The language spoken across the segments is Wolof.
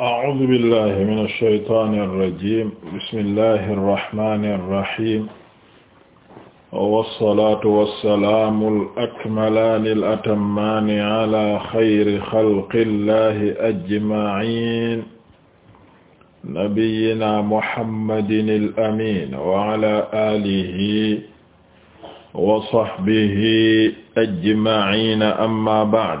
أعوذ بالله من الشيطان الرجيم بسم الله الرحمن الرحيم والصلاة والسلام الأكملان الأتمان على خير خلق الله أجمعين نبينا محمد الأمين وعلى آله وصحبه أجمعين أما بعد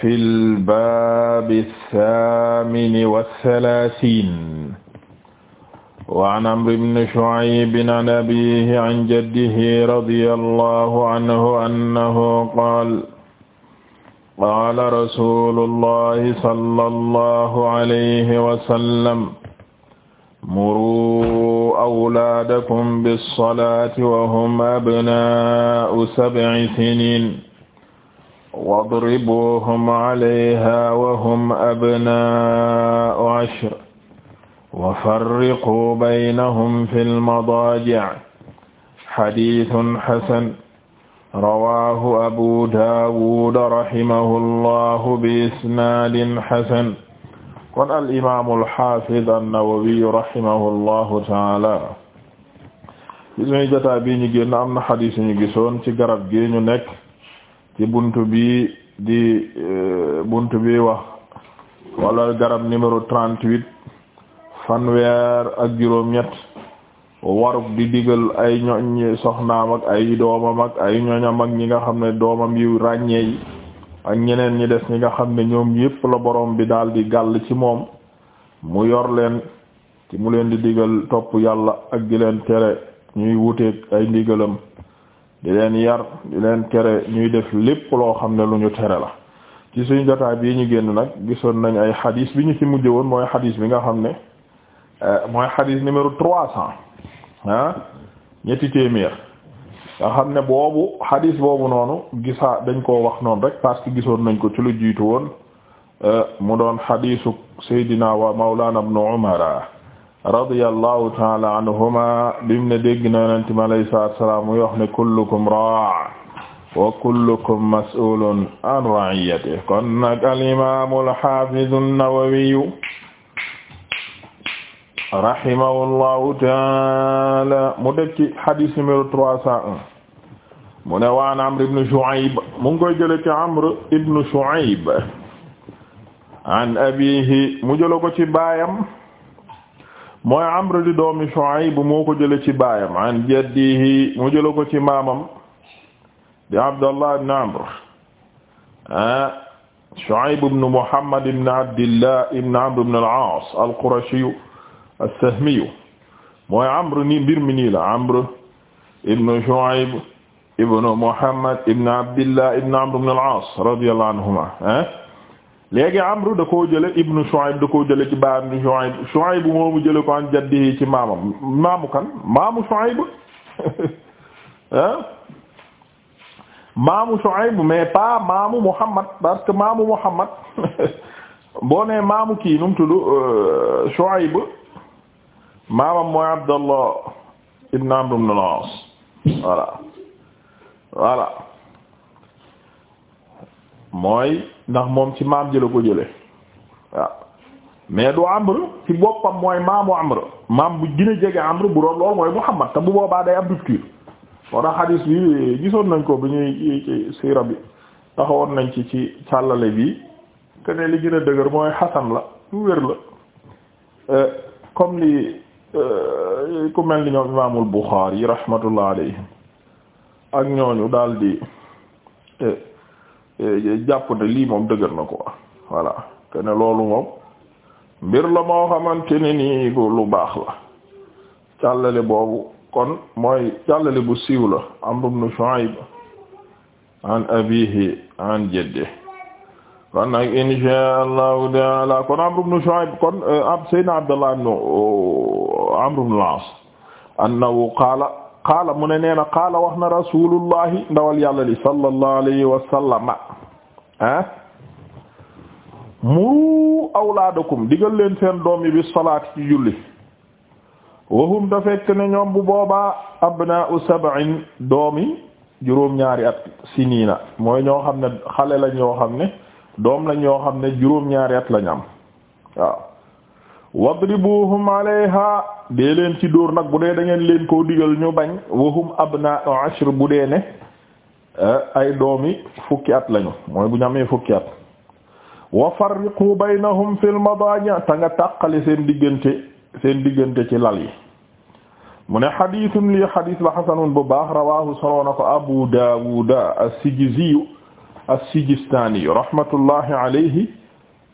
fil baabi saamini wa salaasiin wa an Amri bni Shu'ayb an abiihi an jaddihi radiyallahu anhu annahu qaala qaala rasuulullahi sallallahu alayhi wa sallam muruu awlaadakum bis-salaati wa hum abnaa'u sab'i siniin wadribuuhum alayha wa hum abnaa'u ashr wa farriquu baynahum fil madaaji' xadiisun xasan rawaahu abu daawuda rahimahullahu bi isnaadin xasan kon al imaamul xaafid annawawiyu rahimahullahu taala ci suñu jotaa bi ñu génn am na xadiis ñu gisoon ci garab gi ñu nekk ci bunt bi di eh, bunt bi wax wala garab numéro trente-huit fanweer ak juróom ñett warug di digal ay ñoñ soxnaam ak ay doomam ak ay ñoñam ak ñi nga xam ne doomam yu ràññee ak ñeneen ñi des ñi nga xam ne ñoom yépp la borom bi daal di gàll ci moom mu yor leen ci mu leen di digal topp yàlla ak di leen tere ñuy wuteeg ay ndigalam di leen yar di leen kere ñuy def lépp loo xam ne lu ñu tere la ci suñu jotaay bii ñu génn nag gisoon nañ ay xadiis bi ñu ci mujj woon mooy xadis bi nga xam ne euh, mooy xadis numéro trois cent ñetti téeméer nga xam ne boobu xadis boobu noonu gisaa dañ ko wax noonu rek parce que gisoon nañ ko ci lu jiitu woon euh, mu doon xadisu Seydina wa Mawlana ibn Umara radiyallahu taala anhuma bim ne dégg na yonente mi alayhi salaatu salaam muy wax ne kullukum raa wa kullukum mas'uulun an ra'iyyatihi kon nag al imaamu al haafizu an-Nawawiyu rahimahullahu taala mu def ci hadith numéro trois cent un mu ne waan Amr ibn Shu'ayb mu ngi koy jële ci Amr ibn Shu'ayb an abiihi mu jële ko ci baayam mooy Amr di doomi Shuayb moo ko jële ci baayam an jaddihi mu jële ko ci maamam di Abdallah ibn Amr ah Shuayb ibn Muhammad ibn Abdillah ibn Amr ibn al-Aas al-Qurashi as-Sahmi mooy Amr ni mbir mi nii la Amr ibn Shuayb ibn Muhammad ibn Abdillah ibn Amr ibn al-Aas radiyallahu anhuma ah léegi Amru da koo jële ibnu Shuayb da koo jële ci baam ni Shuayb Shuayb moomu jële ko an jaddi ci maamam maamu kan maamu Shuayb maamu Shuayb mais pas maamu Muhammad parce que maamu Muhammad boo maamu kii nu mu tudd euh, Shuayb maamam mooy Abdallah ibn Amr ibn al-As voilà voilà ndax moom ci maam jëla ko jële waaw mais du amr ci boppam mooy maamu amr maam bu gën a jege amr bu doon lool mooy muhammad te bu boobaa day am rupture moo nañ ko bi ñuy ci nañ ci ci càllale bi te ne li gën a dëgër mooy xasan la lu wér la euh, comme li euh, ku mel ni ñoom imaamul buxaari rahmatullah alayhim ak ñooñu daal di euh, Eh, jàpp ne lii moom dëgër na ko voilà te ne loolu moom mbir la moo xamante ne nii bu lu baax la boobu kon mooy càllale bu siiw la Amr ibn Shu'ayb an abihi an kon nag insha allahu taala kon kon ab Seydina Abdallah ibn Amr ibn eh, oh, al qaala qaala mu ne nee qaala wax na rasulullahi ndawal yàlla sallallahu alayhi wa ah muru awlaadakum digal leen seen doom yi bi salaat ci julli wahum da fekk ne ñoom bu boobaa abnaa'u sab'in doomi juróom-ñaari at siniina mooy ñoo xam ne xale lañ yoo xam ne doom lañ yoo xam ne juróom-ñaari at lañ am waaw wadribuhum alayha dee leen ci dóor nag bu dee dangeen leen koo digal ñu bañ wahum abnaa'u ashr bu dee ne Eh, ay doomi fukki at lañu mooy bu ñu amee fukki at wa farriqu baynahum fil madaji' ta nga tàqale seen diggante seen diggante ci lal yi mu ne xadiisun lii xadiis la xasanun bu baax rawaahu soloo na ko abu daawuda as-sijiziyu as-sijistaaniyu rahmatullahi alayhi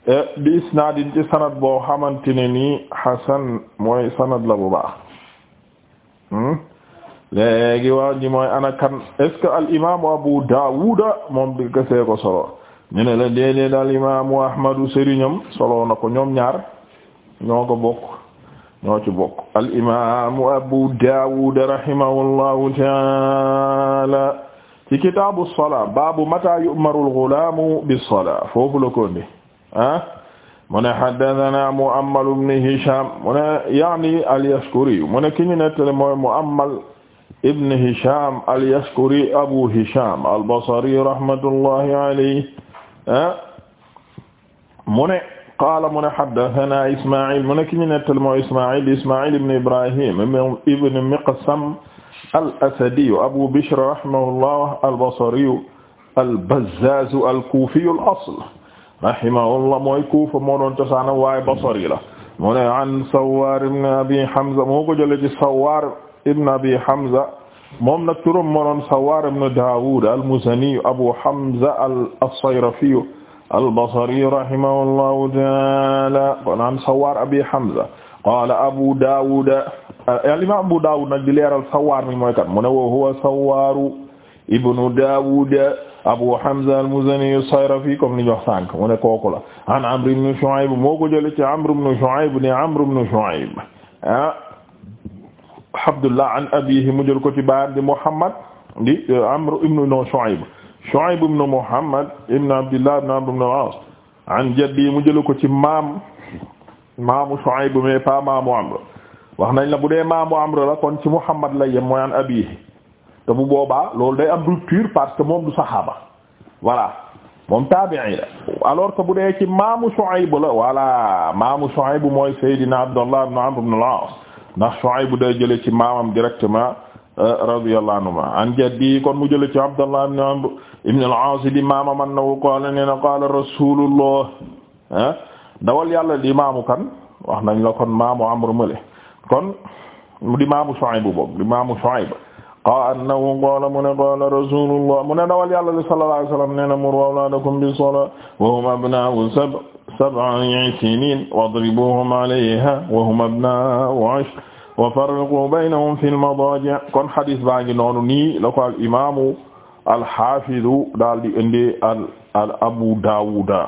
eh, bi isnaadin sanad boo xamante ne nii mooy sanad la bu baax hmm? léegi wax ji mooy ana kan est-ce Abu Dawud moom di kese ko solo ñu ne la déedéet al imaamu Ahmadu sëriñam solo na ko ñoom ñaar ñoo ko bokk ñoo ci bokk al imaamu Abu Dawud rahimahullahu taala ci kitaabu salaa baabu mata yu'maru al ghulaamu bis foofu la ko ndi ah ne haddathana Mu'ammal ibn Hisham mu ne yaani al-Yashkuri ne ki ñu nettali mooy Mu'ammal ibn Hisham al-Yashkuri Abu Hisham al-Basri rahmatullahi alayhi ah, mu ne qaala mu ne haddathana Isma'il mu ne ki ñu nettal moo Isma'il Isma'il ibn Ibrahim ibn Miqsam al-Asadi Abu Bishr rahimahullah al-Basri al-Bazzaz al-Kufi al-asl rahimahullah mooy Kufa moo doon cosaana waaye Basri la mu ne an Sawwar ibn Abi Hamza moo ko jëlee ci Sawwar ibn abi hamza moom nag turam moroon sawar ibn daawud al-muzani abu hamza as-sayrafi al-basri rahimahullahu taala kon an sawar abi hamza qaala abu daawud al-imam abu daawud nag di leeral sawar mi mooy kat mu ne wa huwa sawaru ibnu daawud abu hamza al-muzani as-sayrafi comme ni ñu wax sànq mu ne kooku la an amr ibn shu'ayb moo ko jële ci amr ibn shu'ayb ne amr ibn shu'ayb ah Abdullah an abiihi mu jël ko ci baayam di Muhammad di euh, Amr ibn Shu'ayb Shu'ayb ibn Muhammad ibn Abdullah ibn Amr ibn al-As an jaddi mu jël ko ci maam maamu Shu'ayb mais pas maamu Amr wax nañ la bu dee maamu Amr la kon ci Muhammad la yem mooy an abiihi te bu boobaa loolu day am rupture parce que moom du saxaaba voilà moom taabi'i la alors que bu dee ci maamu Shu'ayb la voilà maamu Shu'ayb mooy Seydina Abdullah ibn Amr ibn al-As ndax Shuayb bu day jële ci maamam directement euh, radiyallahu anhu an jaddi kon mu jële ci Abdallah ibn Amr ibn al-Aas di maamam annahu qaala nee na qaala rasulullah dawal yàlla di maamu kan wax nañ la kon maamu Amr male kon di maamu Shuayb boobu di maamu Shuayb qaala annahu qaala mu ne qaala rasulullah mu ne dawal yàlla sallallahu alayhi wa sallam nee na muru awlaadakum bis-salaati wa hum abnaa'u sab'i sinin wadribuhum alayha wa hum abnaa'u 'ashr na moom baynahum boo madaaji' kon hadis baa ngi noonu nii la ko al imaamu al haafidu daal di indi al al abu daawuda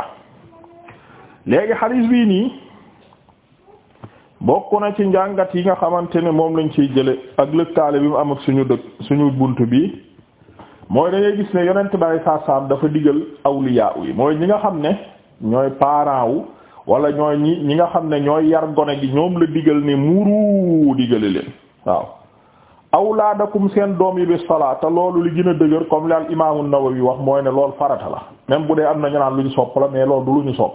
léegi hadis bii nii bokk na ci njàngat yi nga xamante ne moom lañ ciy jële ak lëkkaale bi mu am ak suñu dëkk suñu bunt bi mooy dañuy gis ne yonent bari saa saam dafa digal awliyaa yi mooy ñi nga xam ne ñooy parents wala ñooy ñi ñi nga xam ne ñooy yar gone gi ñoom la digal ne muru digale leen waaw awlaadakum seen doom yi bi salaata loolu li gën a dëgër comme li al imaamu Nawawi wax mooy ne loolu farata la même bu dee am na ñu naan lu ñu sopp la mais loolu du lu ñu sopp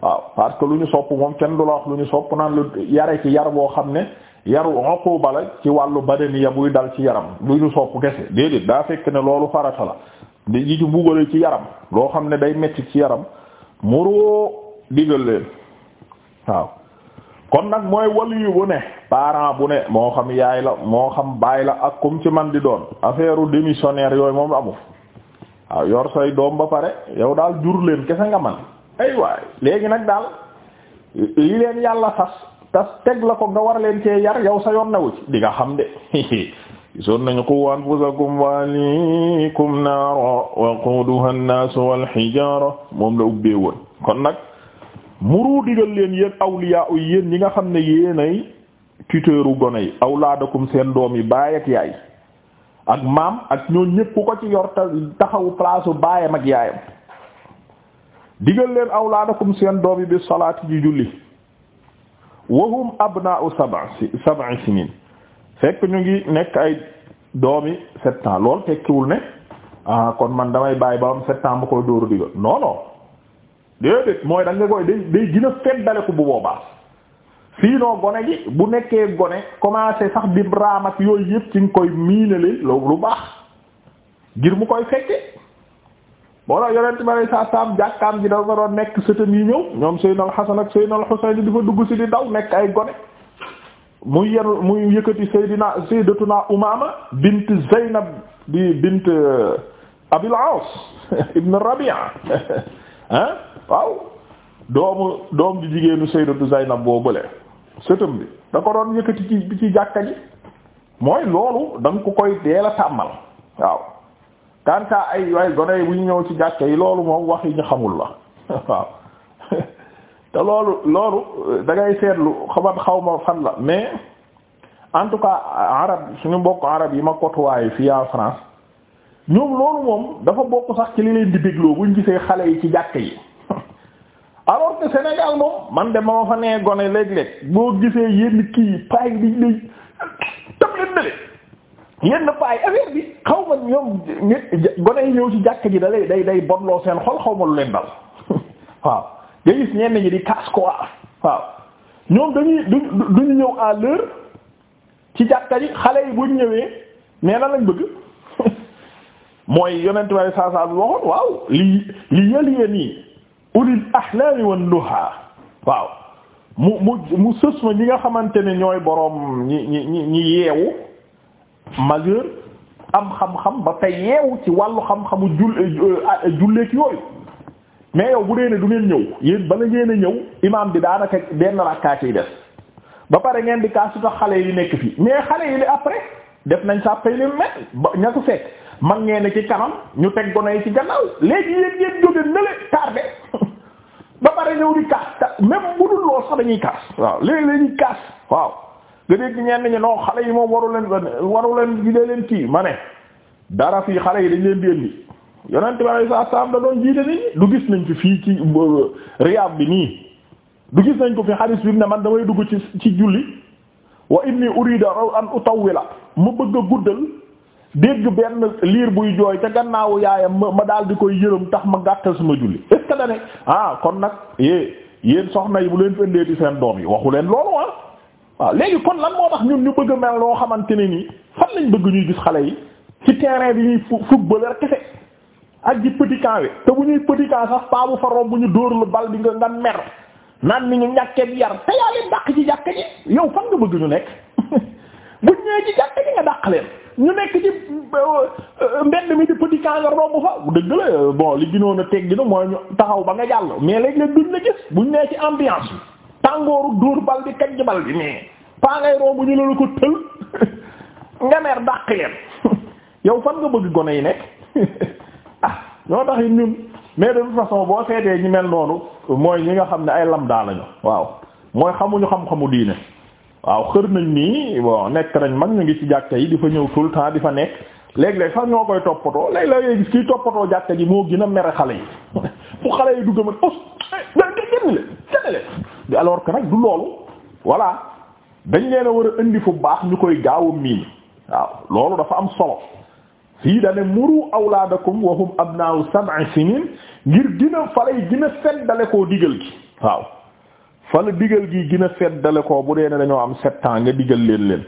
waaw parce que lu ñu sopp moom kenn du la wax lu ñu sopp naan lu yare ci yar boo xam ne yaru uquba la ci wàllu badaniya buy dal ci yaram lu ñu sopp kese déedéet daa fekk ne loolu farata la di ji ci yaram loo xam ne day metti ci yaram digal leen waaw kon nag mooy waliyu bu ne parent bu ne moo xam yaay la moo xam baay la ak kum ci man di doon affaire démissionnaire yooyu moom amuf waaw yor say doom ba pare yow daal jur leen kese nga man ay léegi nag daal li leen yàlla sas tas teg la ko nga war leen cee yar yow sa yoon newu ci di nga xam de gisoon nañu qu anfusakum wa ahliikum naara waquduha an-naasu wal hijaara moom la ubbee woon kon nag muru digal leen yéen awliyaa u yéen ñi nga xam ne yéenay tuteuru gone yi awlaadakum seen doom yi baay ak yaay ak maam ak ñoo ñépp ko ci yor taxawu place u baayam ak yaayam digal leen awlaadakum seen doom yi bi salaati ji julli wahum abnaa'u sab'a sab'i sinin fekk ñu ngi nekk ay doomi sept lool tekkiwul ne ah kon man damay bàyyi ba am sept mu koy dóoru digal non non déedéet mooy da nga koy day day gën a feddale bu boobaa sinon gone gi bu nekkee gone commencé sax di raam ak yëpp ci nga koy miinale loolu lu baax ngir mu koy fekke boo tax yonent ma ne saa saam jàkkaam ji dafa doon nekk sëtam yi ñëw ñoom Seydina Al-Hasan ak Seydina Al-Husayn di fa dugg si di daw nekk ay gone muy yenu muy yëkkati Seydina Sayyidatuna Umaama bint Zaynab di bint euh, Abil Aas Rabi'a ah waaw doomu doom di jigéenu du Zaynab boo bële sëtam bi da ko doon yëkkati ci bi ci jàkka ji mooy loolu da ko koy deel a tàmmal waaw kantaa ay waaye gone yi bu ñu ñëw ci jàkka yi loolu moom wax yi ñu xamul la waaw te loolu loolu da seetlu xaman xaw ma fan la mais en tout cas arab suñu mbokk arab yi ma côtoyé fii en France ñoom loolu moom dafa bokk sax ci li leen di dégloo buñ gisee xale yi ci jàkka yi alors que Sénégal moom man de moo fa nee gone léeg-léeg boo gisee yenn kii pay bi lay tam leen dale yenn pay affaire bi xaw ma ñoom gone yi ñëw ci jàkk ji da lay day day bonloo seen xol xaw ma lu leen dal waaw nga ñenn ñi di kaas quoi waaw ñoom dañuy du duñu ñëw à l'heure ci jàkka ji xale yi buñ ñëwee mais lan lañ bëgg mooy yonent way saa saa bi waxoon waaw lii lii yëliyeen yi ulil ahlaami wan nuha waaw mu mu mu sës ma ñi nga xamante ne ñooy boroom ñi ñi ñi ñi yeewu majeur am xam-xam ba fay yeewu ci wàllu xam-xamu jul eh, eh, eh, julleek yooyu mais yow bu dee ne du ngeen ñëw yéen bala ngeen a ñëw imaam di daanaka benn rakkaa yi des ba pare ngeen di kaa su tax xale yi nekk fii mais xale yi li après def nañ sàppay leen met ba ña ko fekk man ngeen ci kanam ñu teg gone yi ci gannaaw léegi yéen ngeen jóge nële tardé ba pare ñëw di kaas même bu dul lool sax dañuy kaas waaw léegi la ñuy kaas waaw nga dégg ñenn ñi non xale yi moom waru leen waru leen di leen kii ma ne dara fii xale yi dañ leen di indi yonent bi sallallahu alayhi wasallam da doon jiite nit du gis nañ ko fii ci euh, Riyad bi nii du gis nañ ko fi hadith bi ne man damay dugg ci ci julli wa inni urida an utawwila mu bëgg a guddal. dégg benn liir buy jooy ca gannaawu yaayam ma ma daal di koy yërëm tax ma gàttal suma julli est ce ah kon nag eh yéen soxna yi bu leen fi di seen doom yi waxu leen loolu waa ah. waaw léegi kon lan moo tax ñun ñu bëgg mel loo xamante ne nii fan lañ bëgg ñuy gis xale yi ci terrain bi ñuy football rek kese ak ji petit camp wi te bu ñuy petit camp sax paa bu ñu dóor lu bal bi nga nga mer naan ni ñu ñàkkee yar te yaa leen dàq ci jàkka ji yow fan nga ñu nekk leen. ñu nekk ci euh, mbedd mi di petit camp nga romb fa dëgg la bon li gënoon a teg gina mooy ñu taxaw ba nga jàll mais léegi nag duñ la gis buñ nee ci ambiance bi tàngooru dóor bal bi kaj bi mais paa ngay romb ñu la ko tël nga mer dàq yow fan nga bëgg gone yi nekk ah ñoo tax ñun mais de toute façon boo seetee ñi mel noonu mooy ñi nga xam ne ay lam daa lañu waaw mooy xamuñu xam-xamu diine waaw xër nañ nii bon nekk nañ mag ñu ngi ci jàkka yi di fa ñëw tout le temps di fa nekk léeg-léeg sax ñoo koy toppatoo léeg-léeg ngay gis kiy toppatoo jàkka ji moo gin a mere xale yi bu xale yi du ma os eh, génn nag du loolu voilà dañ leen a war a indi fu baax ñu koy gaawu mii waaw loolu dafa am solo fii dane muru awlaadakum wa hum abna'u sab'i sinin ngir dina falay dina seddale koo digal gi waaw fa la digal gi gën a feddale ko bu dee ne dañoo am sept ans nga digal leen leen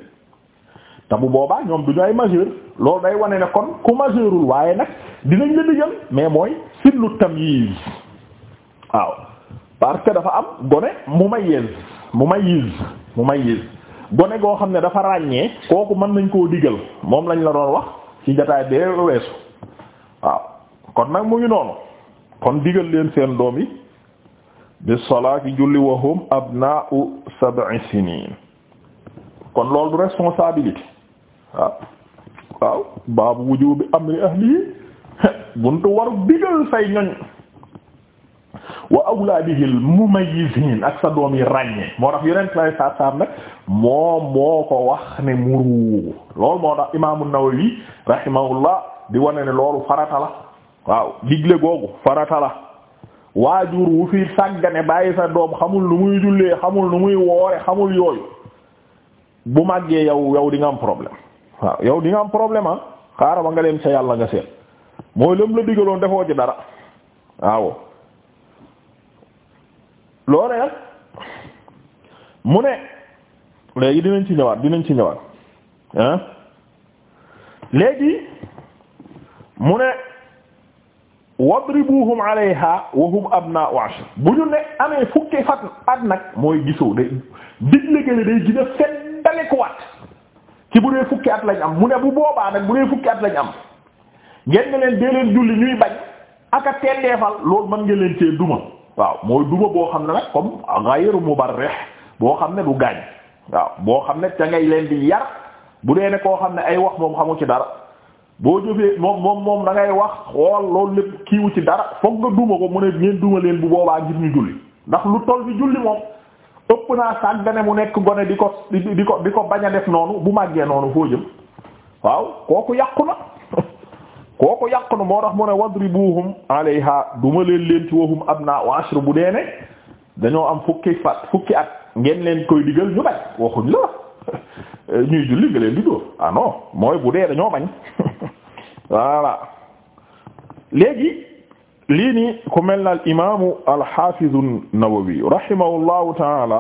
te bu boobaa ñoom du ñu ay majeur loolu day wane ne kon ku majeurul waaye nag dinañ la digal mais mooy tam tamyiz waaw parce dafa am gone mu mumayyiz mumayyiz gone goo xam ne dafa ràññee kooku mën nañ koo digal moom lañ la doon wax ci jotaay bee weesu waaw kon nag mu ngi noonu kon digal leen seen doom yi. bi salaati julli wa hum abnaa'u siniin kon loolu du responsabilité waaw ah, waaw baabu wujuubi amri ahlihi buntu waru digal say ñoñ wa awlaadihil mumayyiziin ak sa doom yi ràññee moo tax yeneen lay saa saam nag moom moo ko wax ne muru loolu moo tax imaamu Nawawi rahimahullah di wane ne loolu farata la waaw digle googu farata la. waa jur wu fi sàggane bàyyi sa doom xamul nu muy jullee xamul nu muy woore xamul yooyu bu màggee yow yow di am problème waaw yow dinga am problème ah xaaral ba nga dem sa yàlla nga seen mooy lëm la digaloon defoo ci dara waaw loolu mu ne léegi dinañ ci ñëwaat dinañ ci ñëwaat ah léegi mu ne wadribuhum alayha wa hum na ashr bu ñu ne amee fukki fat at nag mooy gisoo day digle gële day gën a feddalekuwaat bu dee fukki at lañ am mu ne bu boobaa nag bu dee fukki at lañ am ngeen nga leen dee leen julli ñuy bañ aka tendeefal loolu mën nga leen cee duma waaw mooy duma boo xam ne nag comme ghayru mubarrih boo xam ne du gaañ waaw boo xam ne da ngay leen di yar bu dee ne koo xam ne ay wax moom xamu ci dara boo jëfee moom moom moom dangay wax xool loolu lépp kiiwu ci dara foog nga duma ko mu ne ngeen duma leen bu boobaa ngir ñu julli ndax lu toll bi julli moom ëpp naa sàggane mu nekk gone di ko di ko di ko bañ a def noonu bu màggee noonu foo jëm waaw kooku yàqu na kooku yàqu na moo tax mu ne wadribuhum alayha duma leen leen ci wahum abna naa ashru bu dee ne dañoo am fukki fat fukki at ngeen leen koy digal ñu bañ waxuñ la ñuy julli nga leen di dóor ah mooy bu dee dañoo bañ voilà léegi lii nii ku mel na al imaamu alxaafizu nawawi rahimahullahu taala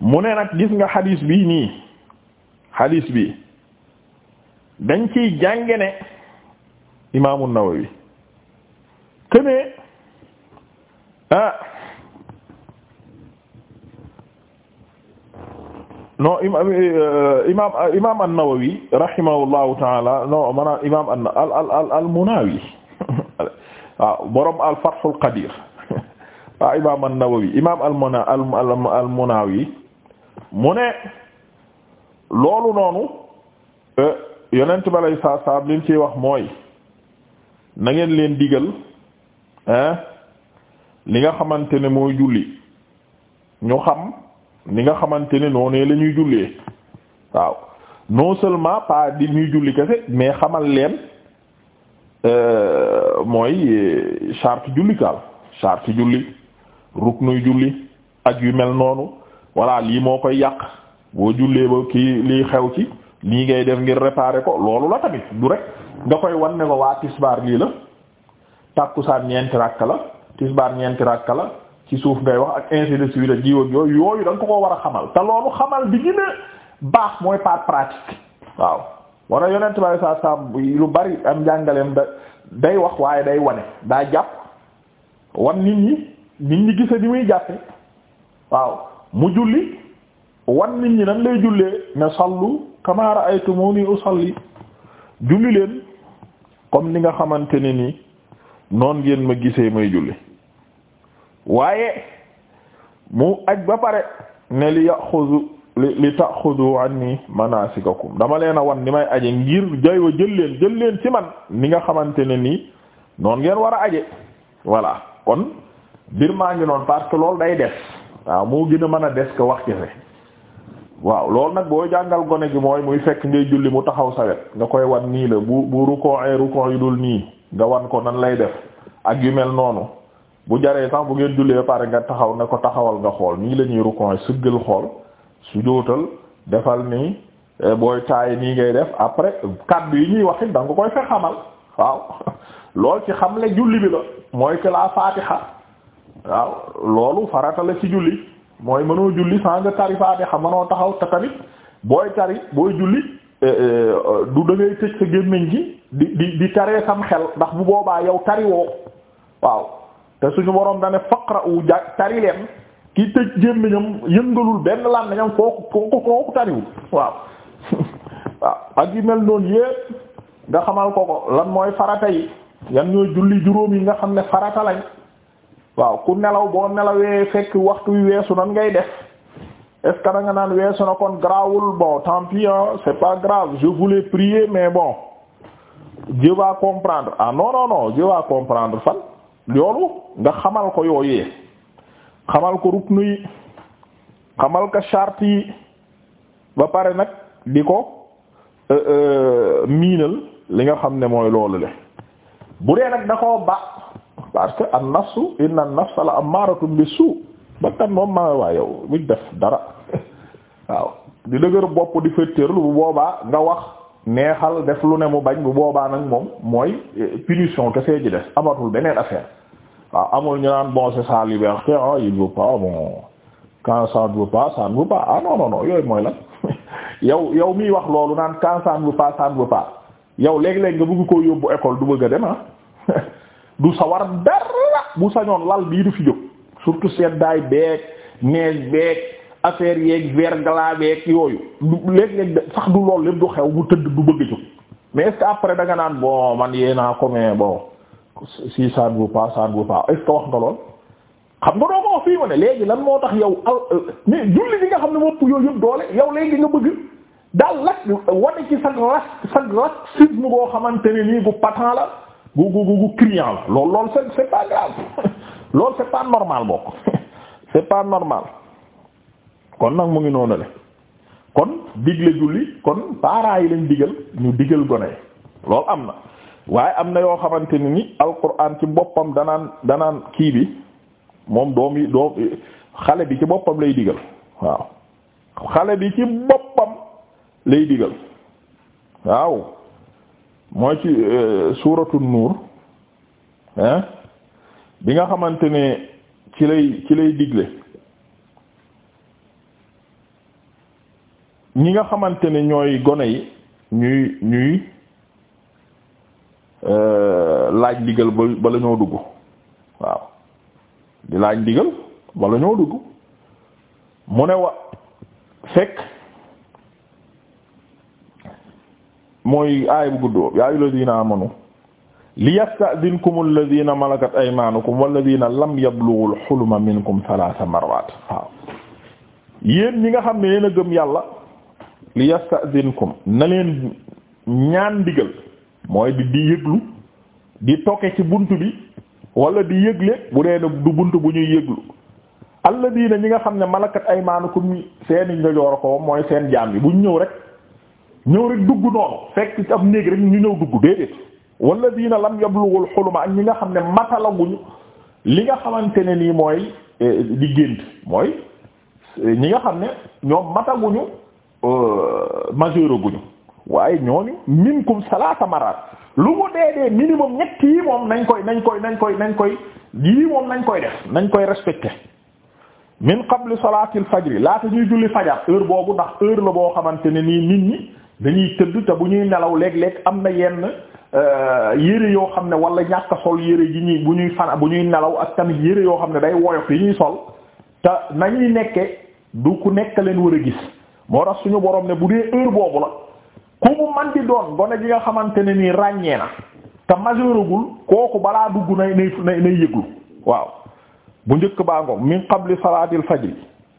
mu ne nag gis nga xadiis bii nii xadiis bi dañ ciy jànge ne imaamu nawawi kënee ah non imaam euh, euh, imaam euh, imaam an-Nawawi rahimahullahu taala non maanaam imaam an al al al al Munawi waaw ah, borom al Fathul Qadir waaw ah, imaam an-Nawawi imaam al al al Munawi mu ne loolu noonu yonent ba saa saa li mu wax mooy na leen digal li nga xamante ne mooy julli ñu xam. ni nga xamante ni noonu la ñuy jullee waaw non seulement pas di ñuy julli kese mais xamal leen euh, mooy euh, charte julli kaal charte julli ruknuy ak yu mel noonu voilà lii moo koy yàq boo jullee ba kii lii xew ci lii ngay def ngir réparer ko loolu la tamit du rek nga koy wan ko waa tisbaar lii la tàkkusaan ñeenti ràkk la tisbaar ñeenti ràkka la ci suuf ngay wax ak ainsi de suite ak jiw yooyu yooyu da ko ko war a xamal te loolu xamal bi gën baax mooy par pratique waaw. moo tax yonent bi saa saa lu bari am njàngaleem da day wax waaye day wane daa jàpp wan nit ñi nit ñi gise ni muy jàppe waaw mu julli wan nit ñi nan lay jullee ne sallu kama ra'aytumuni usalli julli leen comme ni nga xamante ne ni noon ngeen ma gisee may julli. waaye mu aj ba pare ne li yaxuzu li li taxudu anni manasikakum dama leen a wan ni may aje ngir jay wa jël leen jël leen ci man ni nga xamante ne nii noon ngeen war a aje voilà kon mbir maa ngi noonu parce que loolu day def waaw moo gën a mën a des ko wax kese waaw loolu nag boo jàngal gone gi mooy muy fekk ngay julli mu taxaw sawet nga koy wan nii la bu bu rukkoo ay rukkoo yi dul nii nga wan ko nan lay def ak yu mel noonu bu jaree sax bu ngeen jullee pare nga taxaw ne ko taxawal nga xool nii la ñuy rukon sëggal xool su jootal defal nii eh, booy taay nii ngay def après kaddu yi ñuy wax it da nga koy fekk xamal waaw lool ci xamle julli bi la mooy que la faatiha ci julli mooy mënoo julli sans nga tari faatiha mënoo taxaw te tamit booy tari booy julli eh, eh, du da tëj sa gémmiñ gi di di di taree sam xel ndax bu boobaa yow tariwoo waaw te suñu borom dane faqra'u ja tari leen ki tëj gémmiñam yëngalul benn làmmiñam kooku kooku kooku tariwul waaw waaw ak yi mel noonu yépp nga xamal ko ko lan mooy farata yi yan ñooy julli juróom yi nga xam ne farata lañ waaw ku nelaw boo nelawee fekk waxtu wi weesu nan ngay def est-ce que da nga naan weesu na kon grawul bon tant pis hein c'est pas grave je voulais prier mais bon Dieu va comprendre ah non non non Dieu va comprendre fan loolu nga xamal ko yooyee xamal ko ruknu yi xamal ko charte yi ba pare nag di ko euh, euh, miinal li nga xam ne mooy loolu le bu dee nag da koo ba parce que an nafsu inna an nafsa la ammaratun bisu bakkan moom maa waa yow buñ def dara waaw di dëgër bopp di féetéerlu bu boobaa nga wax neexal def lu ne mu bañ bu boobaa nag moom mooy euh, punition kese ji des amatul beneen affaire waaw amul ñu naan bon c'est sa liberté ah il veut pas bon quand ça ne veut pas ça ah non non yooyu mooy la yow yow miy wax loolu naan quand ça ne veut pas ça ne veut pas yow léeg-léeg nga bëgg ko yóbbu école du bëgg a dem ah du sawar dara bu sañoon lal bii du fi jóg surtout seddaay beeg neige beeg affaire yeeg verglas beeg yooyu du léeg-léeg sax du loolu lépp du xew bu tëdd du bëgg a mais est que après da nga naan bon man yee naa ko boo si ça ne vaut pas ça ne vaut pas est ce que wax nga lool xam nga doo ko wax fii ma ne léegi lan moo tax yow al euh, mais julli li nga xam ne mopp yooyu doole yow léegi nga bëgg daal lak wane ci sag ras sag racisme boo xamante ne nii bu patent la gu gu gu criant la loolu loolu c'est c'est pas grave loolu c'est pas pas normal kon nag mu ngi noonu le kon digle julli kon parents yi lañ digal ñu digal gone loolu am na waaye am na yoo xamante ni ni alquran ci boppam danaan danaan kii bi moom doom yi doom xale bi ci boppam lay digal waaw xale bi ci boppam lay digal waaw moo ci euh, suuratu nuur hein bi nga xamante ne ci lay ci lay digle ñi nga xamante ne ñooy gone yi ñuy ñuy laaj ndigal ba dugg waaw laaj ndigal bala ñoo dugg mu ne wa fekk mooy aay bu guddoo yaa ayyuhal ladina amanu liyasta'dinkum alladina malakat aymanukum walladina lam yablughul hulma minkum thalatha marrat waaw yéen ñi nga xam ne yéen a gëm yàlla liyasta'dinkum na leen ñaan ndigal mooy di di yëglu di toke ci bunt bi wala di yëgle bu dee du bunt bu ñuy yëglu alladiina ñi nga xam ne malakat aymaanukum seeni njojoor ko mooy seen jaam bi bu ñu ñëw rek ñëw rek dugg noonu fekk ci ab néeg rek ñu ñëw dugg déedéet walladiina lam yablughul huluma ak ñi nga xam ne matalaguñu li nga xamante ne nii mooy eh, di gént mooy eh, ñi nga xam ne ñoom mataguñu euh, majeuraguñu waaye ñooñu minkum salaasa marat lu mu dee dee minimum ñett yi moom nañ koy nañ koy nañ koy nañ koy yii moom nañ koy def nañ koy respecté min qabli salaatil fajri laata ñuy julli fajar heure boobu ndax heure la boo xamante ne nii nit ñi dañuy tëdd te bu ñuy nelaw léeg-léeg am na yenn euh, yére yoo xam ne wala ñàkk sol yére yi ñuy bu ñuy fan bu ñuy nelaw ak tamit yére yoo xam ne day woyof yi ñuy sol te nañuy nekke du ku nekk leen war a gis moo tax suñu borom ne bu dee boobu la ku mu man di doon gone gi nga xamante ne nii ràññee na te majeuragul kooku balaa dugg nay nay nay yëglu waaw bu njëkk baa ngoog min qabli salaatil fajri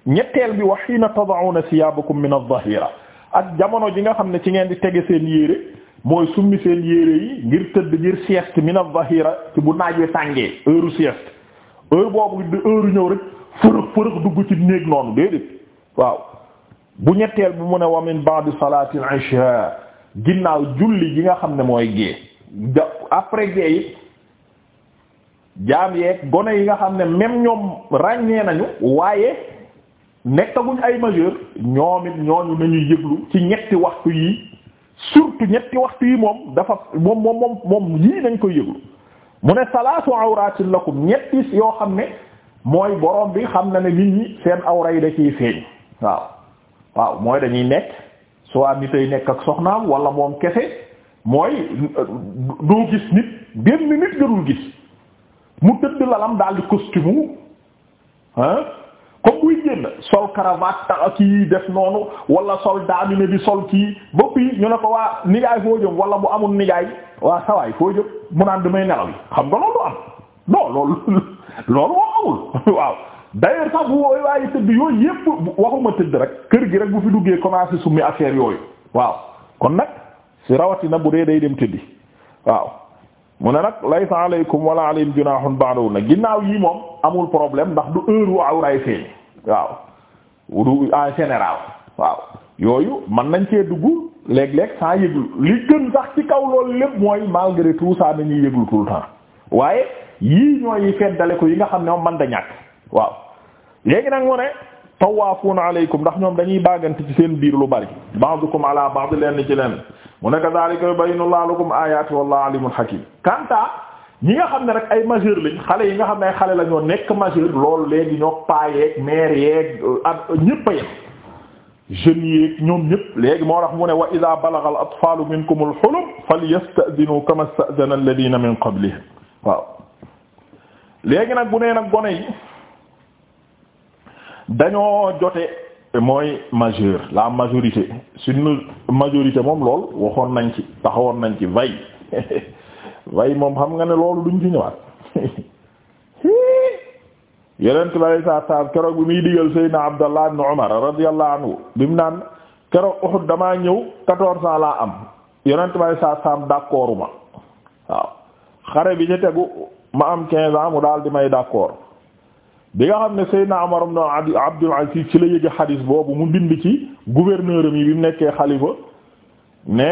ñetteel bi wa na tada'uuna siyaabakum min adh-dhahira ak jamono ji nga xam ne ci ngeen di tege seen yére mooy summi seen yére yi ngir tëdd ngir sieste min adh-dhahira ci bu naaj wi tàngee heure sieste heure boobu ñëw rek fërëx fërëx dugg ci néeg noonu déedéet waaw bu ñetteel bu mu ne wa min ba'di salaati al-isha ginnaaw julli gi nga xam ne mooy gée ja après gée yi jaam yeeg gone yi nga xam ne même ñoom ràññee nañu waaye nekkaguñ ay majeur ñoom it ñooñu yëglu ci ñetti waxtu yi surtout ñetti waxtu yi moom dafa moom moom moom yii nañ ko yëglu mu ne salaatu awratin lakum ñetti yoo xam ne mooy borom bi xam na ne nit ñi seen awra yi da ciy feeñ waaw waaw mooy dañuy nekk soit nitay nekk ak soxnaam walla moom kese mooy doo gis nit benn nit gërul gis mu tëdd lalam daal di costume ah comme buy génn sol cravate tax kii def noonu wala sol daamine bi sol kii bopp yi ñu ne ko waa nijaay foo jëm wala mu amul nijaay waa sawaay foo jëm mu naan damay nelaw yi xam nga loolu am non loolu loolu moo amul waaw d'ailleurs sax bu wooy waaye tëdd yooyu yépp waxuma tëdd rek kër gi rek bu fi duggee commencé summi affaire yooyu waaw kon nag si rawatina bu dee day dem tëddi waaw mu ne nag laysa alaykum wala alayhim junahun ba'du nag ginnaaw yii moom amul problème ndax du heure wu awray feeñ waaw du en général waaw yooyu man nañ see dugg léeg-léeg saa yëglu li gën sax ci kaw loolu lépp mooy malgré tout ça nañuy yëglu tout le temps waaye yii ñooy feddale ko yi nga xam ne moom man da waaw léegi nag mu ne tawaafuuna aleykum ndax ñoom dañuy bàggante ci seen biir lu bari ba'dukum ala ba'd leen ci leen mu ne kadhalika yubayyinu llahu lakum ayati wallahu alimun hakim kanta ñi nga xam ne rek ay majeur lañ xale yi nga xam ne ay xale la ñoo nekk majeur loolu léegi ñoo paayeeg maire yeeg ak ñépp a yem ñoom ñépp léegi moo tax mu ne wa idha balagha al atfalu minkum al hulum falyasta'dinu kama sta'dana alladhina min qablihim waaw léegi nag bu nee nag gone yi dañoo jote mooy majeur la majorité suñu majorité moom lool waxoon nañ ci taxawoon nañ ci vay vay moom xam nga ne loolu duñ ci ñëwaat yeneen bi alay saat keroog bi muy digal Seydina Abdallah ibn Umar bi mu naan keroog damaa ñëw quatorze ans laa am yeneen bi alay saat salam d'accordu ma waaw xare bi ci tegu ma am quinze ans mu daal di may d'accord bi nga xam ne Seydina Umar ibn Abdul Aziz ci la yëge xadis boobu mu bind ci gouverneur am yi bi mu nekkee xalifa ne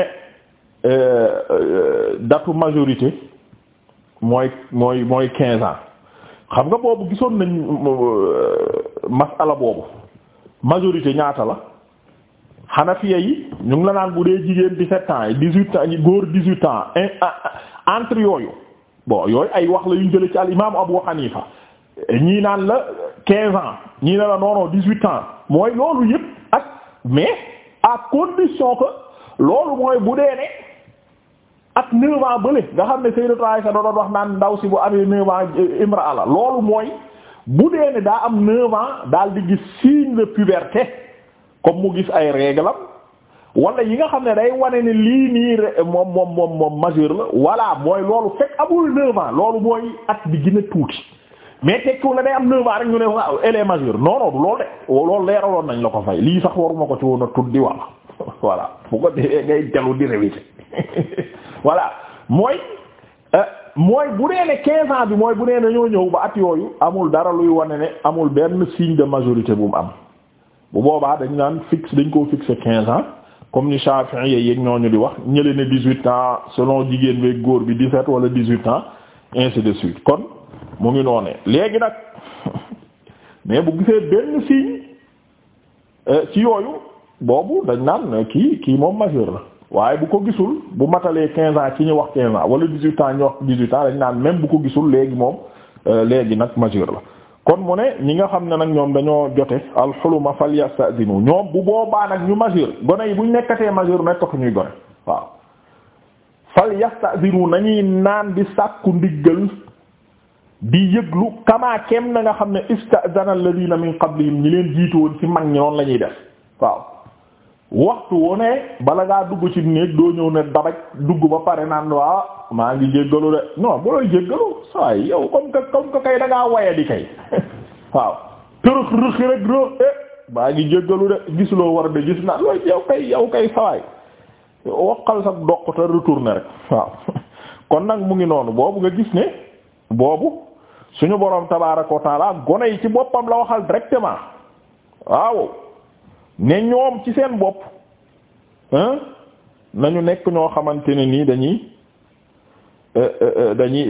euh, euh, datu majorité mooy mooy mooy quinze ans xam nga boobu gisoon nañ euh, masala boobu majorité ñaata la Hanafiya yi ñu ngi la naan bu dee jigéen di sept ans yi dix-huit ans góor dix-huit ans entre yooyu bon yooyu ay wax la yu jële ci al imaamu Abu Hanifa ñii naan la quinze ans ñii naan la non non dix-huit ans mooy loolu yëpp ak mais à condition que loolu mooy bu dee ne ak neuf bële nga xam ne Sayyidatu Aisha doon wax naan ndaw si bu amee neuf ans euh, la loolu mooy bu dee ne daa am neuf daal di gis signe de puberté comme mu gis ay règles wala yi nga xam ne day wane ne lii nii moom moom moom moom la voilà mooy loolu fekk amul neuf loolu mooy at bi gën tuuti. mais tekkiwul ne day am 9 ans rek ñu ne waaw elle est majeure non loolu de loolu leeraloon nañ la ko fay lii sax waruma ko ci woon a tuddi wax voilà bu ko defee ngay dellu di révisé voilà mooy euh, mooy bu dee ne ans bi mooy bu dee dañoo ñëw ba at yooyu amul dara luy wane ne amul benn signe de majorité bu mu am bu boobaa dañ naan fixe dañ koo fixé 15 ans comme ni Shafi'i ñoo ñu di wax ñële ne 18 ans selon jigéen beeg góor bi 17 wala 18 ans ainsi de suite kon. mu ngi noonee léegi nag mais bu gisee benn signe euh, ci yooyu boobu dañ naan kii kii moom majeur la waaye bu ko gisul bu matalee quinze ans ci ñu wax quinze ans wala dix-huit ans ñu wax dix ans dañ naan même bu ko gisul léegi moom euh, léegi nag majeur la kon mu ne ñi nga xam ne nag ñoom dañoo jote alxuluma fal yastazinu ñoom bu boobaa nag ñu majeur gone yi buñ nekkatee majeur nekkatu ñuy gone waaw fal yastazinu nañuy naan di sàkku ndiggal di yëglu kamaa kem na nga xam ne istazana alladina min li ñi leen jiitu woon ci mag ñi noonu la ñuy def waaw waxtu wu ne bala ngaa dugg ci néeg doo ñëw ne dabaj dugg ba pare naan maa ngi jéggalu de waaw eh, maa ngi jéggalu de gis gis naa looy yow kay yow mu ngi noonu boobu nga gis ne boobu suñu boroom tabaaraka wa taala gone yi ci boppam la waxal directement waaw ne ñoom ci seen bopp nañu nekk ñoo xamante ne nii dañuy euh, euh, euh, dañuy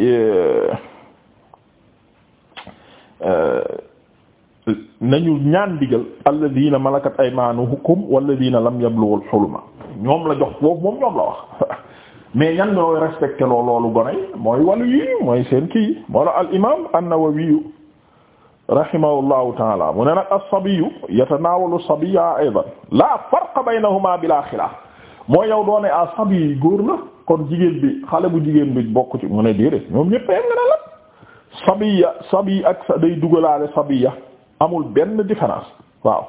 nañu ñaan digal alladina malakat aymanuhum walladina lam yablughul hulma ñoom la jox foofu moom ñoom la wax mais ñan ñooy respecté loo loolu gone mooy wàllu yi mooy seen kii moo la al imam an-Nawawi rahimahullahu taala mu ne nag as-sabiyu yatanaawalu sabiya aidan la farqa baynahuma bila xilaaf mooy yow doone a sabiy góor la kon jigéen bi xale bu jigéen bi bokk ci mu ne déedéet ñoom ñëpp yam nga na lat sabiya sabiy ak sa day dugalaale ya amul benn différence waaw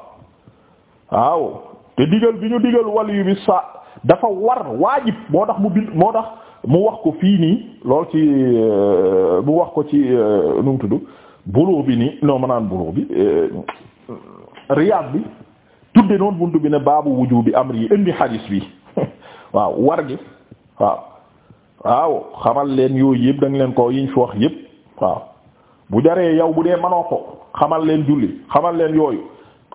waaw te digal bi ñu digal wàllu yu bi sa dafa war waajib moo tax mu bind moo tax mu wax ko fii nii lool ci euh, mu wax ko ci euh, nu mu tudd buloo bi nii noo manaan naan buloo bi euh, riyaad bi tudde noonu buntu bi ne baabu wujubi amri yi indi hadis bi waaw war gi waaw waaw xamal leen yooyu yëpp da leen ko yiñ fi wax yépp waaw bu jaree yow bu dee manoo ko xamal leen julli xamal leen yooyu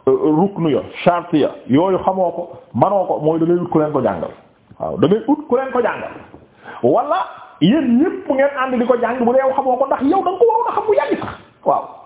ruknu ya charte ya yooyu xamoo ko manoo ko mooy da ngay ut ku leen ko jàngal waaw da ngay ut ku leen ko jàngal wala yéen ñépp ngeen ànd di ko jàng bu dee xamoo ko ndax yow da nga ko waroon a xam bu yàgg sax waaw